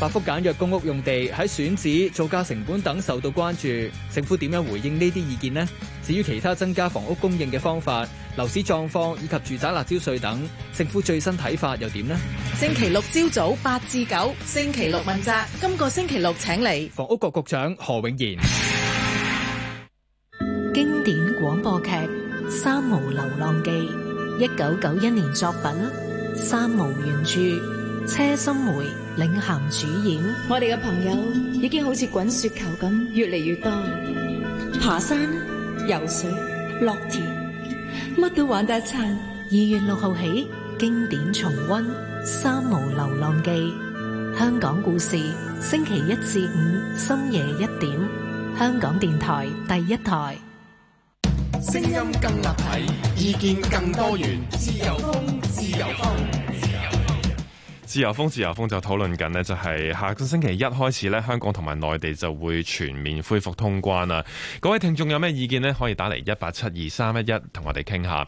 八幅簡約公屋用地喺選址、造價、成本等受到關注，政府點樣回應呢啲意見呢？至於其他增加房屋供應嘅方法、樓市狀況以及住宅辣椒稅等，政府最新睇法又點呢？星期六朝早八至九，星期六問責，今個星期六請嚟房屋局局長何永賢。經典廣播劇《三毛流浪記》，一九九一年作品，《三毛原著》車心梅。領銜主演，我哋嘅朋友已經好似滾雪球咁，越嚟越多。爬山、游水、落田，乜都玩得一餐。二月六號起，經典重溫《三毛流浪記》，香港故事，星期一至五深夜一點，香港電台第一台，聲音更立體，意見更多元，自由風，自由風。自由風，自由風就討論緊呢，就係下個星期一開始呢，香港同埋內地就會全面恢復通關啦。各位聽眾有咩意見呢？可以打嚟一八七二三一一，同我哋傾下。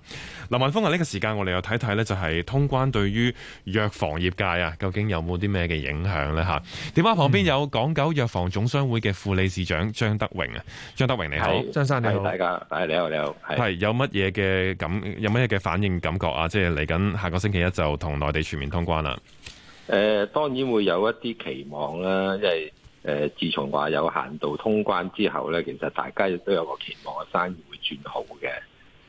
林文峰啊，呢個時間我哋又睇睇呢，就係通關對於藥房業界啊，究竟有冇啲咩嘅影響呢？嚇，電話旁邊有港九藥房總商會嘅副理事長張德榮啊，張德榮你好，張生你好，大家你好你好，係有乜嘢嘅感，有乜嘢嘅反應感覺啊？即係嚟緊下個星期一就同內地全面通關啦。誒，當然會有一啲期望啦，因為誒，自從話有限度通關之後咧，其實大家亦都有個期望，個生意會轉好嘅。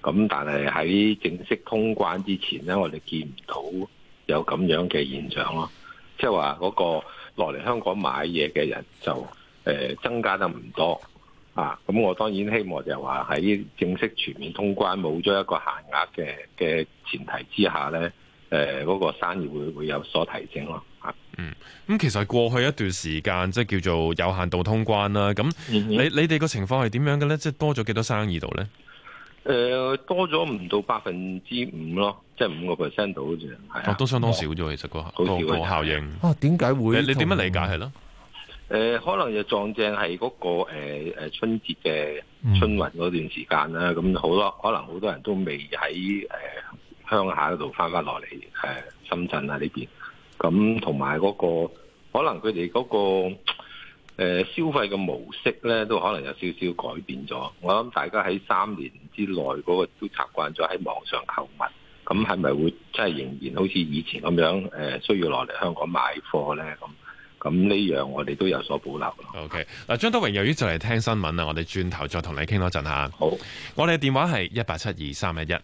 咁但係喺正式通關之前咧，我哋見唔到有咁樣嘅現象咯。即係話嗰個落嚟香港買嘢嘅人就誒增加得唔多啊。咁我當然希望就話喺正式全面通關冇咗一個限額嘅嘅前提之下咧。誒、呃，嗰、那個生意會會有所提升咯，啊，嗯，咁其實過去一段時間即係叫做有限度通關啦，咁你你哋個情況係點樣嘅咧？即係多咗幾多生意度咧？誒、呃，多咗唔到百分之五咯，即係五個 percent 度好似，哦，都相當少咗，哦，其實，那個個效應，啊，點解會？你點樣理解係咯？誒、啊呃，可能就撞正係嗰、那個誒誒、呃、春節嘅春運嗰段時間啦，咁、嗯、好多可能好多人都未喺誒。呃鄉下嗰度翻翻落嚟，誒、啊，深圳啊呢邊，咁同埋嗰個可能佢哋嗰個誒、呃、消費嘅模式咧，都可能有少少改變咗。我諗大家喺三年之內嗰個都習慣咗喺網上購物，咁係咪會即係仍然好似以前咁樣誒、呃，需要落嚟香港買貨咧？咁咁呢樣我哋都有所保留咯。OK，嗱，張德榮由於就嚟聽新聞啦，我哋轉頭再同你傾多陣吓。好，我哋嘅電話係一八七二三一一。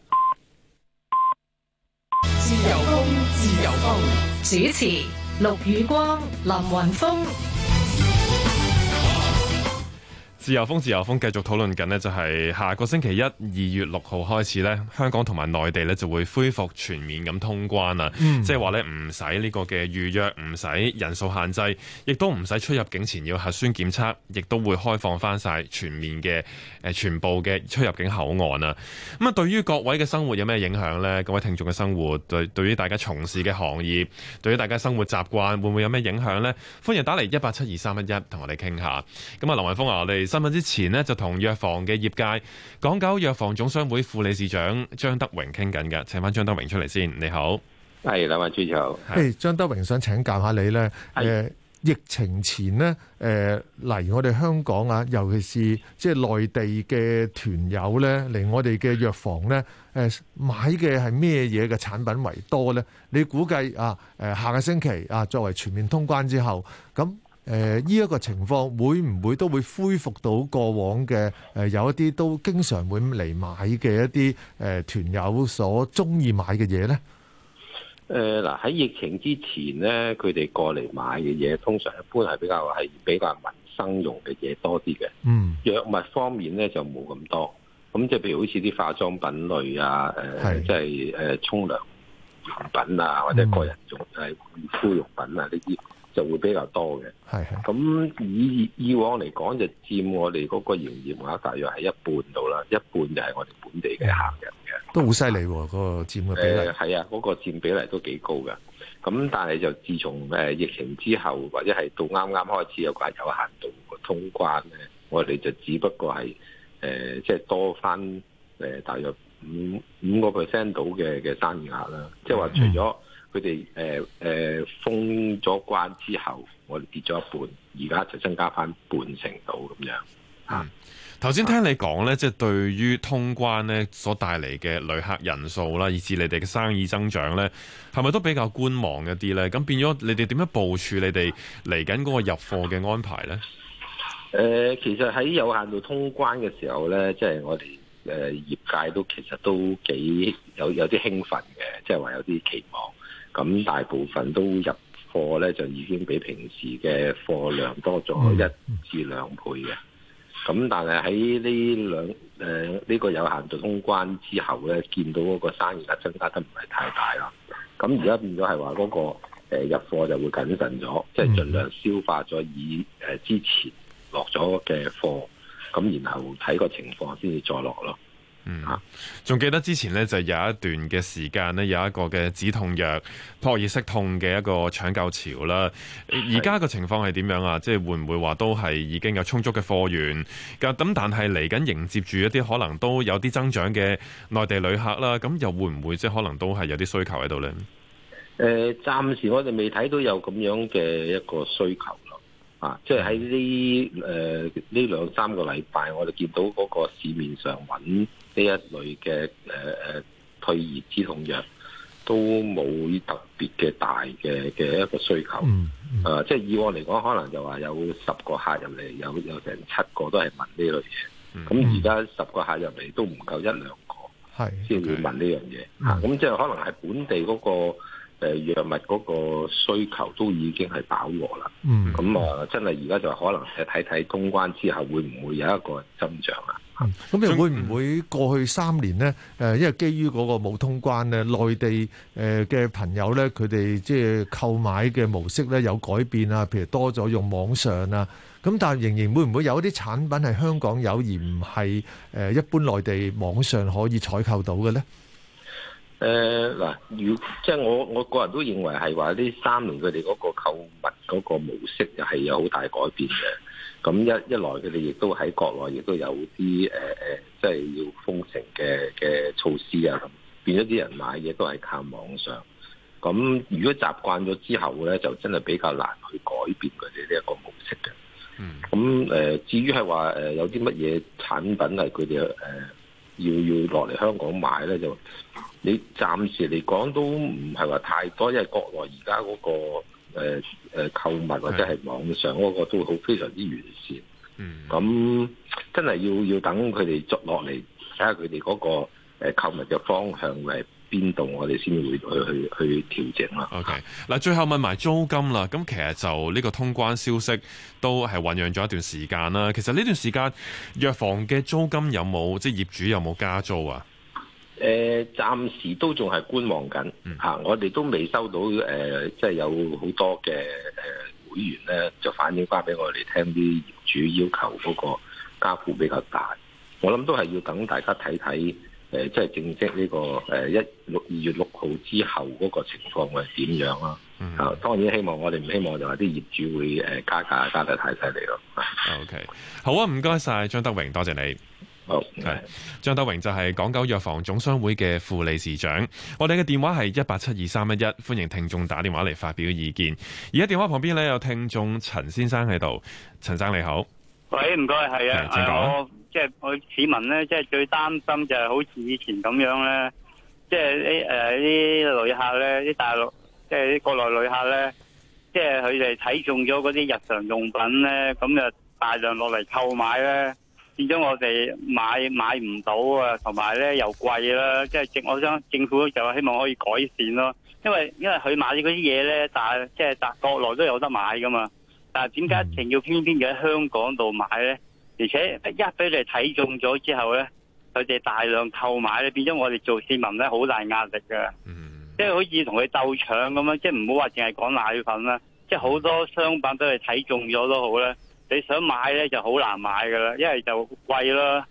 自由風，自由風。主持：陸雨光、林雲峰。自由風，自由風，繼續討論緊呢就係下個星期一，二月六號開始呢香港同埋內地呢就會恢復全面咁通關啦。即係話呢唔使呢個嘅預約，唔使人數限制，亦都唔使出入境前要核酸檢測，亦都會開放翻晒全面嘅誒，全部嘅出入境口岸啊。咁啊，對於各位嘅生活有咩影響呢？各位聽眾嘅生活，對對於大家從事嘅行業，對於大家生活習慣會唔會有咩影響呢？歡迎打嚟一八七二三一一同我哋傾下。咁啊，朱偉林啊，我哋之前呢，就同藥房嘅業界港九藥房總商會副理事長張德榮傾緊㗎，請返張德榮出嚟先。你好，係林文柱又，誒，張、hey, 德榮想請教下你咧，誒、呃，疫情前呢誒，嚟、呃、我哋香港啊，尤其是即係內地嘅團友咧嚟我哋嘅藥房咧，誒、呃，買嘅係咩嘢嘅產品為多咧？你估計啊，誒、呃，下個星期啊，作為全面通關之後，咁。誒呢一個情況會唔會都會恢復到過往嘅，誒有一啲都經常會嚟買嘅一啲誒團友所中意買嘅嘢咧？誒嗱，喺疫情之前咧，佢哋過嚟買嘅嘢通常一般係比較係比較民生用嘅嘢多啲嘅。嗯，藥物方面咧就冇咁多。咁即係譬如好似啲化妝品類啊，誒即係誒沖涼用品啊，或者個人用嘅護膚用品啊呢啲，就會比較多嘅，係咁以以往嚟講就佔我哋嗰個營業額大約係一半到啦，一半就係我哋本地嘅客人嘅。嗯，都好犀利喎，嗰個佔嘅比例係、呃、啊、嗰、嗰個佔比例都幾高㗎。咁但係就自從誒、呃、疫情之後，或者係到啱啱開始有個有限度嘅通關咧，我哋就只不過係誒即係多翻誒、呃、大約五五個 percent 到嘅嘅生意額啦，即係話除咗。嗯佢哋誒誒封咗關之後，我哋跌咗一半，而家就增加翻半成度咁樣，嗯，剛才。啊，頭先聽你講咧，即係對於通關咧所帶嚟嘅旅客人數啦，以至你哋嘅生意增長咧，係咪都比較觀望一啲咧？咁變咗你哋點樣部署你哋嚟緊嗰個入貨嘅安排咧？誒、呃，其實喺有限度通關嘅時候咧，即、就、係、是、我哋誒、呃、業界都其實都幾有有啲興奮嘅，即係話有啲期望。咁大部分都入貨咧，就已經比平時嘅貨量多咗一至兩倍嘅。咁但係喺呢兩誒呢個有限度通關之後咧，見到嗰個生意額增加得唔係太大啦。咁而家變咗係話嗰個誒、呃、入貨就會謹慎咗，即係盡量消化咗以誒、呃、之前落咗嘅貨，咁然後睇個情況先至再落咯。嗯，仲記得之前咧，就有一段嘅時間咧，有一個嘅止痛藥撲熱息痛嘅一個搶救潮啦。而家個情況係點樣啊？即係會唔會話都係已經有充足嘅貨源？咁但係嚟緊迎接住一啲可能都有啲增長嘅內地旅客啦，咁又會唔會即係可能都係有啲需求喺度呢？誒、呃，暫時我哋未睇到有咁樣嘅一個需求。啊！即係喺呢誒呢兩三個禮拜，我哋見到嗰個市面上揾呢一類嘅誒誒退熱止痛藥，都冇特別嘅大嘅嘅一個需求。嗯嗯、啊！即係以往嚟講，可能就話有十個客入嚟，有有成七個都係問呢類嘢。咁而家十個客入嚟都唔夠一兩個，係先會問呢樣嘢。嚇、這個！咁、嗯啊、即係可能係本地嗰、那個。誒藥物嗰個需求都已經係飽和啦，咁啊，真係而家就可能係睇睇通關之後會唔會有一個增長啊？咁又會唔會過去三年咧？誒，因為基於嗰個冇通關咧，內地誒嘅朋友咧，佢哋即係購買嘅模式咧有改變啊，譬如多咗用網上啊，咁但係仍然會唔會有一啲產品係香港有而唔係誒一般內地網上可以採購到嘅咧？誒、呃，嗱，要即係我，我個人都認為係話呢三年佢哋嗰個購物嗰個模式就係有好大改變嘅。咁一一來佢哋亦都喺國內亦都有啲誒誒，即係要封城嘅嘅措施啊，變咗啲人買嘢都係靠網上。咁如果習慣咗之後咧，就真係比較難去改變佢哋呢一個模式嘅。嗯，咁、呃、誒，至於係話誒有啲乜嘢產品係佢哋誒要要落嚟香港買咧就。你暫時嚟講都唔係話太多，因為國內而家嗰個誒誒、呃、購物或者係網上嗰個都好非常之完善。咁真係要要等佢哋捉落嚟，睇下佢哋嗰個誒、呃、購物嘅方向係邊度，我哋先會去去去調整啦。OK，嗱，最後問埋租金啦。咁其實就呢個通關消息都係醖釀咗一段時間啦。其實呢段時間藥房嘅租金有冇，即係業主有冇加租啊？誒，暫時都仲係觀望緊吓，嗯啊，我哋都未收到誒、呃，即係有好多嘅誒會員咧，就、呃、反映翻俾我哋聽啲業主要求嗰個加幅比較大。我諗都係要等大家睇睇，誒、呃，即係正式呢、這個誒一六二月六號之後嗰個情況會係點樣咯，啊嗯。啊，當然希望我哋唔希望就話啲業主會誒加價加得太犀利咯。OK，好啊，唔該晒張德榮，多謝你。好，係張德榮就係港九藥房總商會嘅副理事長。我哋嘅電話係一八七二三一一，歡迎聽眾打電話嚟發表意見。而家電話旁邊咧，有聽眾陳先生喺度。陳生你好，喂，唔該，係啊。請講。哎、我即係、就是、我市民咧，即、就、係、是、最擔心就係好似以前咁樣咧，即係啲誒啲旅客咧，啲大陸即係啲國內旅客咧，即係佢哋睇中咗嗰啲日常用品咧，咁就大量落嚟購買咧。變咗我哋買買唔到啊，同埋咧又貴啦，即係政我想政府就希望可以改善咯、啊，因為因為佢買呢嗰啲嘢咧，但即係但國內都有得買噶嘛，但係點解一定要偏偏嘅喺香港度買咧？而且一俾你睇中咗之後咧，佢哋大量購買咧，變咗我哋做市民咧、就是、好大壓力噶，即係好似同佢鬥搶咁樣，即係唔好話淨係講奶粉啦，即係好多商品都係睇中咗都好啦。你想買呢就好難買㗎喇、嗯，因為就貴咯，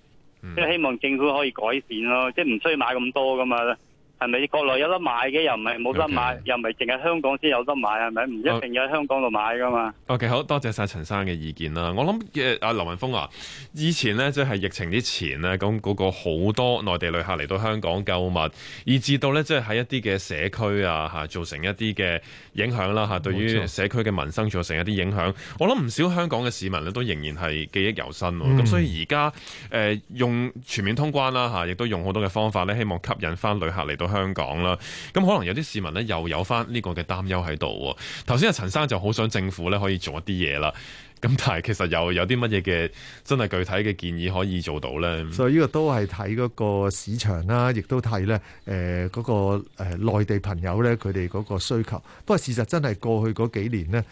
即希望政府可以改善囉，即、就、唔、是、需要買咁多㗎嘛。係咪國內有得買嘅？又唔係冇得買，okay. 又唔係淨喺香港先有得買，係咪？唔一定要喺香港度買噶嘛。OK，好多謝晒陳生嘅意見啦。我諗阿、呃、劉雲峰啊，以前呢，即、就、係、是、疫情之前呢，咁嗰、那個好多內地旅客嚟到香港購物，以至到呢，即係喺一啲嘅社區啊嚇，造成一啲嘅影響啦嚇，對於社區嘅民生造成一啲影響。我諗唔少香港嘅市民咧都仍然係記憶猶新喎。咁、嗯、所以而家誒用全面通關啦、啊、嚇，亦都用好多嘅方法呢，希望吸引翻旅客嚟到。香港啦，咁可能有啲市民呢，又有翻呢個嘅擔憂喺度。頭先阿陳生就好想政府呢，可以做一啲嘢啦。咁但係其實有有啲乜嘢嘅真係具體嘅建議可以做到咧？所以呢個都係睇嗰個市場啦，亦都睇咧誒嗰個內地朋友咧，佢哋嗰個需求。不過事實真係過去嗰幾年呢，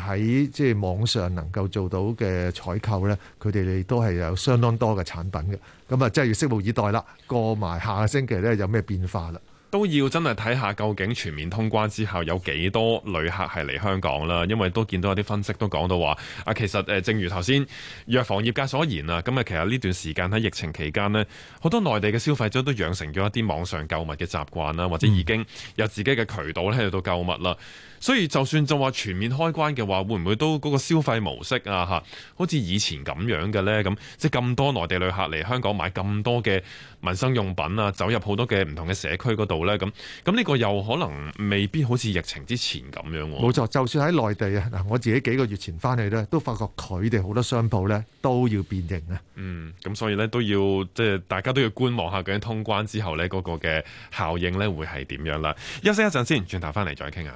喺即係網上能夠做到嘅採購咧，佢哋都係有相當多嘅產品嘅。咁啊，真係要拭目以待啦！過埋下個星期咧，有咩變化啦？都要真係睇下究竟全面通關之後有幾多旅客係嚟香港啦，因為都見到有啲分析都講到話，啊其實正如頭先藥房業界所言啊，咁啊其實呢段時間喺疫情期間呢，好多內地嘅消費者都養成咗一啲網上購物嘅習慣啦，或者已經有自己嘅渠道喺度度購物啦。所以就算就話全面開關嘅話，會唔會都嗰個消費模式啊？嚇，好似以前咁樣嘅呢。咁即係咁多內地旅客嚟香港買咁多嘅民生用品啊，走入好多嘅唔同嘅社區嗰度呢。咁咁呢個又可能未必好似疫情之前咁樣喎。冇錯。就算喺內地啊，嗱，我自己幾個月前翻去咧，都發覺佢哋好多商鋪呢都要變形啊。嗯，咁所以呢，都要即係大家都要觀望下，究竟通關之後呢嗰個嘅效應呢會係點樣啦？休息一陣先，轉頭翻嚟再傾下。